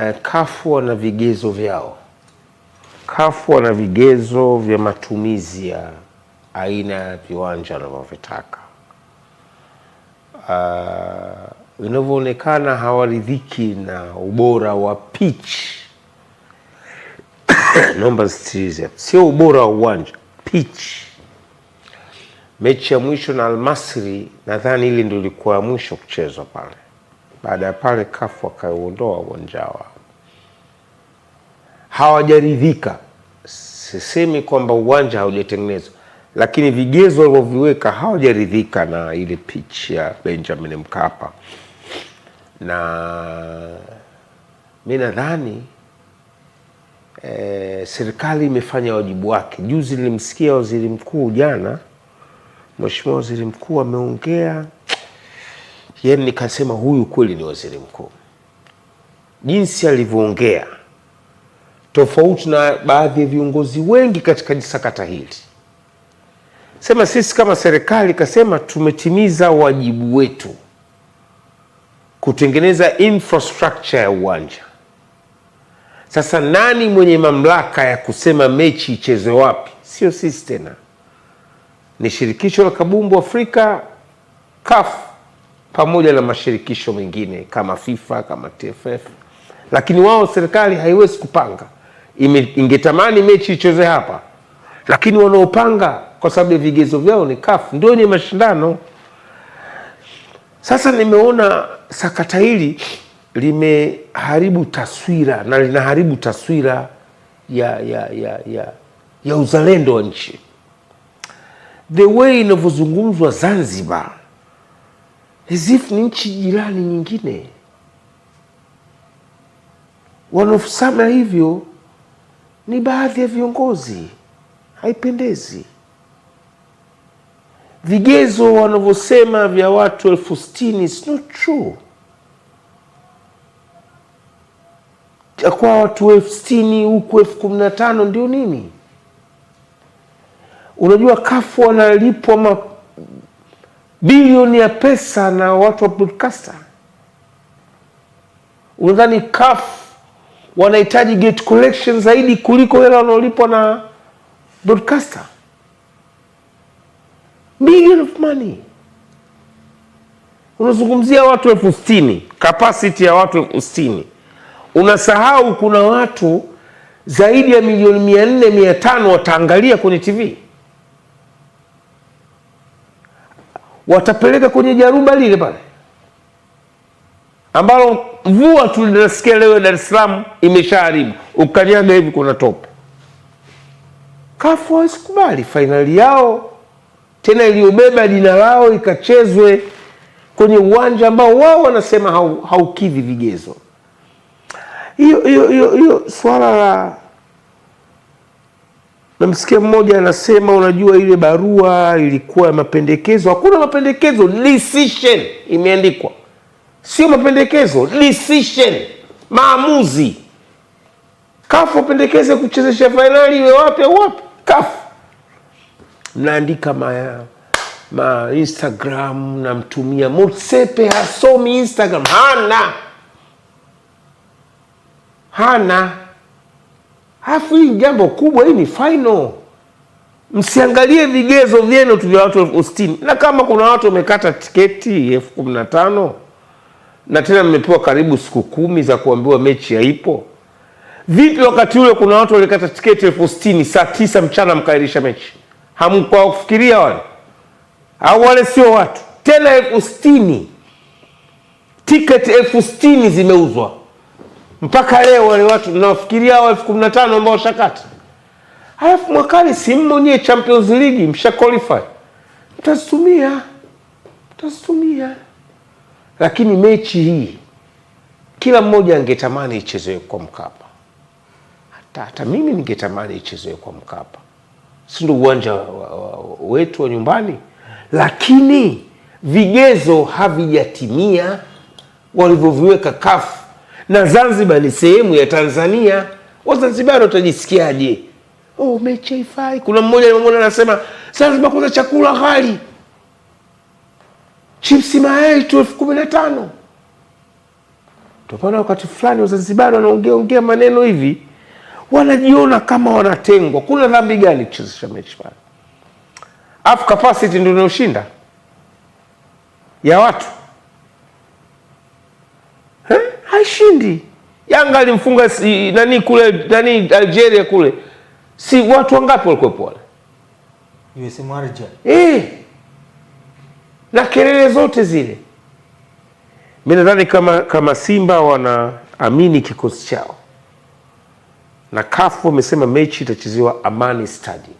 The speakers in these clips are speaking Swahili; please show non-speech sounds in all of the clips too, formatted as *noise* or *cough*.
eh, kafu wana vigezo vyao. Kafu wana vigezo vya matumizi ya aina ya viwanja wanavyovitaka. Uh, eh, inavyoonekana hawaridhiki na ubora wa pitch *coughs* namba sio ubora wa uwanja, pitch. Mechi ya mwisho na Almasri, nadhani ili ndio ilikuwa ya mwisho kuchezwa pale. Baada ya pale kafu wakauondoa uwanja wao, hawajaridhika. Sisemi kwamba uwanja haujatengenezwa, lakini vigezo walivyoviweka hawajaridhika na ile pitch ya Benjamin Mkapa, na mi nadhani e, serikali imefanya wajibu wake. Juzi nilimsikia waziri mkuu, jana Mheshimiwa Waziri Mkuu ameongea yani nikasema huyu kweli ni waziri mkuu, jinsi alivyoongea, tofauti na baadhi ya viongozi wengi katika sakata hili. Sema sisi kama serikali kasema tumetimiza wajibu wetu kutengeneza infrastructure ya uwanja. Sasa nani mwenye mamlaka ya kusema mechi ichezwe wapi? Sio sisi tena, ni shirikisho la kabumbu Afrika, kafu pamoja na mashirikisho mengine kama FIFA kama TFF, lakini wao serikali haiwezi kupanga. Ime, ingetamani mechi icheze hapa, lakini wanaopanga kwa sababu ya vigezo vyao ni CAF, ndio ni mashindano. Sasa nimeona sakata hili limeharibu taswira na linaharibu taswira ya ya ya ya, ya uzalendo wa nchi, the way inavyozungumzwa Zanzibar as if ni nchi jirani nyingine. Wanaosema hivyo ni baadhi ya viongozi, haipendezi. Vigezo wanavyosema vya watu elfu sitini is not true. Kwa watu elfu sitini huku elfu kumi na tano ndio nini? Unajua kafu wanalipwa bilioni ya pesa na watu wa broadcaster. Unadhani CAF wanahitaji gate collection zaidi kuliko hela wanaolipwa na broadcaster? Billion of money. Unazungumzia watu elfu sitini, capacity ya watu elfu sitini. Unasahau kuna watu zaidi ya milioni mia nne mia tano wataangalia kwenye TV. watapeleka kwenye jaruba lile pale ambalo mvua tu linasikia leo Dar es Salaam imeshaharibu, ukanyaga hivi kuna topo Kafu wasikubali fainali yao tena iliyobeba jina lao ikachezwe kwenye uwanja ambao wao wanasema haukidhi hau vigezo. Hiyo hiyo hiyo swala la Namsikia mmoja anasema, unajua ile barua ilikuwa ya mapendekezo. Hakuna mapendekezo, decision imeandikwa, sio mapendekezo, decision, maamuzi. Kafu apendekeze kuchezesha fainali iwe wapi au wapi? Kafu mnaandika ma, ma Instagram, namtumia mosepe hasomi Instagram, hana hana Alafu hii jambo kubwa, hii ni final. Msiangalie vigezo vyenu tu vya watu elfu sitini na kama kuna watu wamekata tiketi elfu kumi na tano na tena mmepewa karibu siku kumi za kuambiwa mechi haipo. Vipi wakati ule kuna watu walikata tiketi elfu sitini saa tisa mchana mkairisha mechi? Hamkuwa wale au wale sio watu tena? elfu sitini tiketi elfu sitini zimeuzwa mpaka leo wale watu mnawafikiria hao elfu kumi na tano ambao washakata, alafu mwakani nyie Champions League msha qualify, mtazitumia mtazitumia. Lakini mechi hii kila mmoja angetamani ichezewe kwa Mkapa, hata hata mimi ningetamani ichezewe kwa Mkapa, si ndo uwanja wetu wa nyumbani, lakini vigezo havijatimia walivyoviweka kafu na Zanzibar ni sehemu ya Tanzania. Wazanzibari watajisikiaje? Oh, mechaifai. Kuna mmoja nimemwona anasema Zanzibar kuna chakula ghali, chipsi mayai tu elfu kumi na tano. Tupana wakati fulani Wazanzibari wanaongea ongea maneno hivi, wanajiona kama wanatengwa. Kuna dhambi gani kuchezesha mechi pale? Afu capacity ndio inayoshinda ya watu ushindi. Yanga alimfunga si, nani kule nani Algeria kule, si watu wangapi walikuwepo wale eh, na kelele zote zile. Mi nadhani kama, kama Simba wanaamini kikosi chao na kafu wamesema mechi itachezewa Amani Stadium,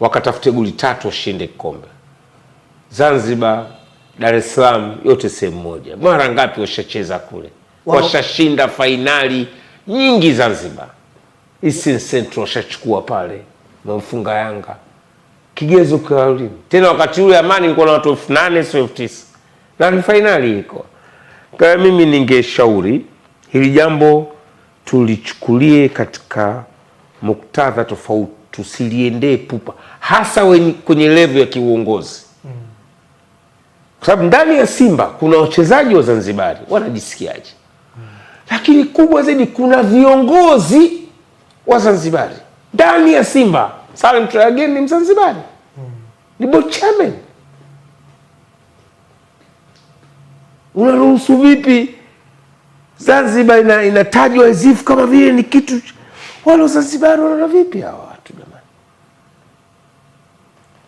wakatafute goli tatu washinde kikombe. Zanzibar, Dar es Salaam, yote sehemu moja. Mara ngapi washacheza kule? washashinda fainali nyingi Zanzibar. Eastern Central washachukua pale, wamfunga Yanga kigezo kalimu tena. Wakati ule Amani ilikuwa na watu elfu nane sio elfu tisa na ni fainali iko. Kwa mimi ningeshauri hili jambo tulichukulie katika muktadha tofauti, tusiliendee pupa, hasa kwenye levu ya kiuongozi, mm. kwa sababu ndani ya Simba kuna wachezaji wa Zanzibari wanajisikiaje? lakini kubwa zaidi, kuna viongozi wa Zanzibari ndani ya Simba. Salim Taragen ni Mzanzibari, ni board chairman. Unaruhusu vipi Zanzibar ina, inatajwa zifu kama vile ni kitu? Wale Wazanzibari wanaona vipi hawa watu jamani?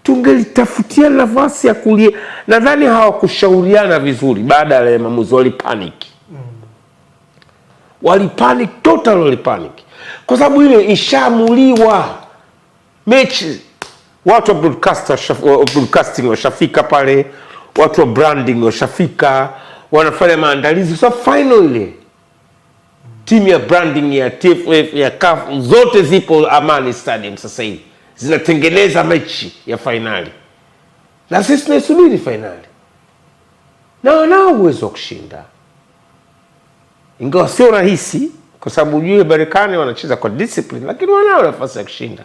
Tungelitafutia nafasi ya kulia. Nadhani hawakushauriana vizuri baada ya maamuzi, walipanic walipanic total, walipanic kwa sababu ile ishamuliwa mechi. Watu wa broadcasting washafika pale, watu wa branding washafika, wanafanya maandalizi kwa sababu final ile timu ya branding ya TFF ya CAF zote zipo Amani Stadium sasa hivi zinatengeneza mechi ya fainali, na sisi tunaisubiri fainali na wanao uwezo wa kushinda ingawa sio rahisi, kwa sababu ujue Marekani wanacheza kwa discipline, lakini wanao nafasi ya kushinda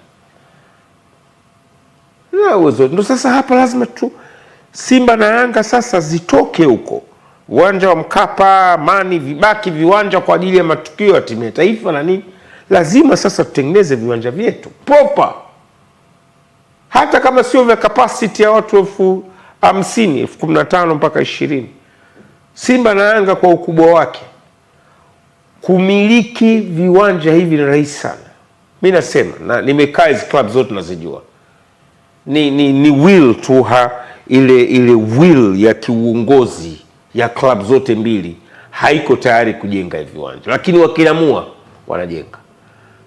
na uwezo. sasa hapa lazima tu Simba na Yanga sasa zitoke huko uwanja wa Mkapa, Amani, vibaki viwanja kwa ajili ya matukio ya timu ya taifa na nini. Lazima sasa tutengeneze viwanja vyetu popa, hata kama sio vya kapasiti ya watu elfu hamsini elfu kumi na tano mpaka ishirini Simba na Yanga kwa ukubwa wake kumiliki viwanja hivi ni rahisi sana. Mi nasema na nimekaa hizi club zote nazijua, ni, ni, ni will tu ha ile ile will ya kiuongozi ya club zote mbili haiko tayari kujenga hivi viwanja, lakini wakiamua wanajenga.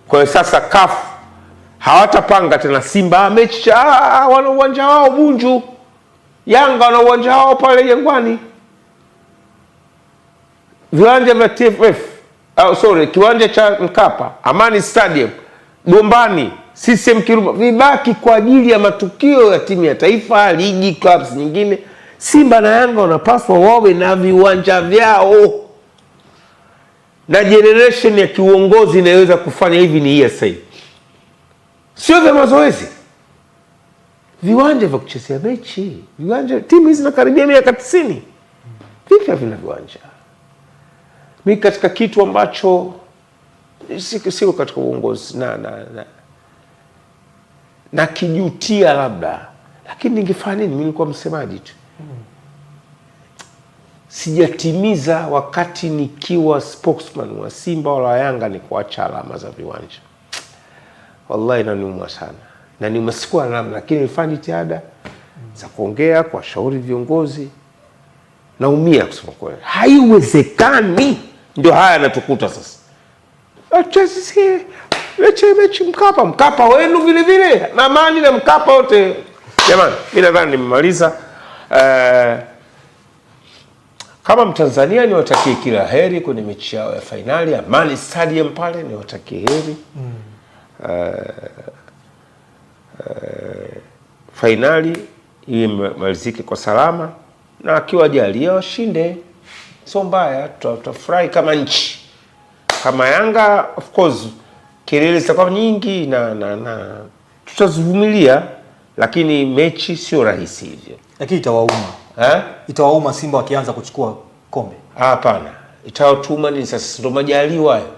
Kwa hiyo sasa kaf hawatapanga tena Simba ah, mechi, ah, ah, wana uwanja wao Bunju, Yanga wana uwanja wao pale Jangwani, viwanja vya TFF uh, sorry, kiwanja cha Mkapa, Amani Stadium, Gombani, CCM Kirumba vibaki kwa ajili ya matukio ya timu ya taifa, ligi, clubs nyingine. Simba na Yanga wanapaswa wawe na viwanja vyao, na generation ya kiuongozi inayoweza kufanya hivi ni ESA, sio vya mazoezi, viwanja vya kuchezea mechi, viwanja. Timu hizi zinakaribia miaka 90, vipi vina viwanja? mi katika kitu ambacho siko, si katika uongozi na, na, na, na kijutia labda, lakini ningefanya nini? Mi nilikuwa msemaji tu, sijatimiza wakati nikiwa spokesman wa Simba wala Yanga ni kuacha alama za viwanja. Wallahi naniuma sana, na ni na namna, lakini nilifanya jitihada za kuongea, kuwashauri viongozi Naumia kusema kweli, haiwezekani. Ndio haya yanatukuta sasa. Mechi Mkapa, Mkapa wenu vile vile, na Amani na Mkapa wote. Jamani, mi nadhani nimemaliza. Eh, kama Mtanzania niwatakie kila heri kwenye mechi yao ya fainali Amani Stadium pale, niwatakie heri mm. Eh, eh, fainali imalizike kwa salama na akiwajalia washinde, sio mbaya, tutafurahi kama nchi. Kama Yanga of course kelele zitakuwa nyingi na na na tutazivumilia, lakini mechi sio rahisi hivyo, lakini itawauma eh, itawauma Simba wakianza kuchukua kombe. Hapana, itawatuma ni sasa, ndo majaliwa hayo,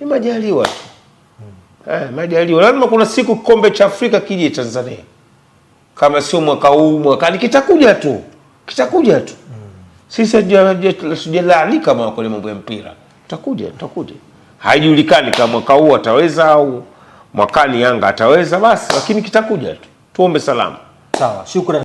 ni majaliwa tu hmm. Eh, majaliwa lazima, kuna siku kombe cha Afrika kije Tanzania, kama sio mwaka huu, mwakani kitakuja tu kitakuja tu mm. Sisi hatujalaalika kama kwenye mambo ya mpira, tutakuja tutakuja. Haijulikani kama mwaka huu ataweza au mwakani Yanga ataweza basi, lakini kitakuja tu, tuombe salama. Sawa, shukrani.